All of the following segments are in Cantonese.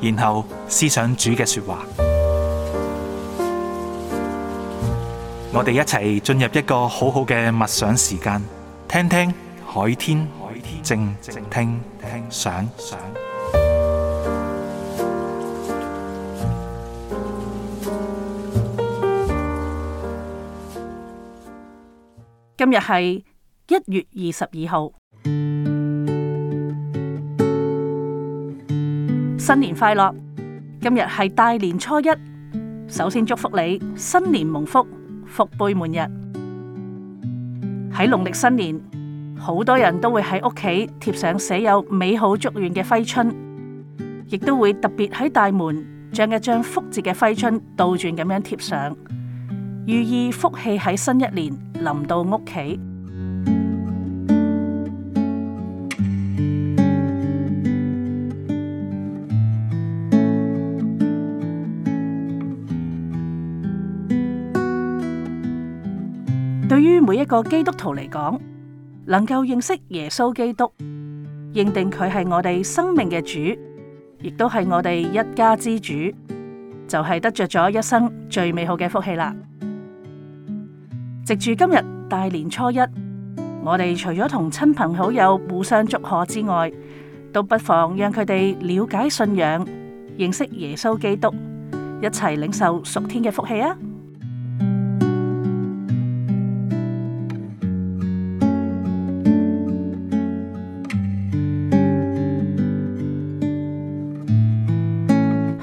然後思想主嘅說話，我哋一齊進入一個好好嘅默想時間，聽聽海天靜聽聽想。今日係一月二十二號。新年快樂！今日係大年初一，首先祝福你新年蒙福，福杯滿溢。喺農曆新年，好多人都會喺屋企貼上寫有美好祝願嘅揮春，亦都會特別喺大門將一張福字嘅揮春倒轉咁樣貼上，寓意福氣喺新一年臨到屋企。每一個基督徒嚟講，能夠認識耶穌基督，認定佢係我哋生命嘅主，亦都係我哋一家之主，就係得着咗一生最美好嘅福氣啦！藉住今日大年初一，我哋除咗同親朋好友互相祝賀之外，都不妨讓佢哋了解信仰、認識耶穌基督，一齊領受屬天嘅福氣啊！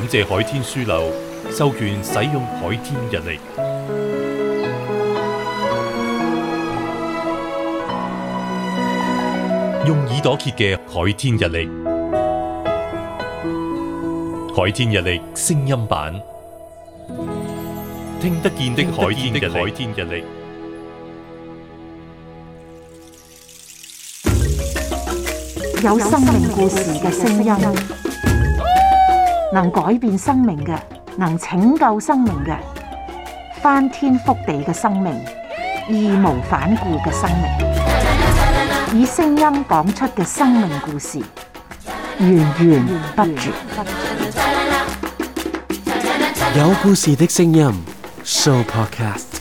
感謝海天書樓授權使用海天日曆，用耳朵揭嘅海天日曆，海天日曆聲音版，聽得見的海天嘅海天日曆，有生命故事嘅聲音。能改變生命嘅，能拯救生命嘅，翻天覆地嘅生命，義無反顧嘅生命，以聲音講出嘅生命故事，源源不絕。有故事的聲音，Show Podcast。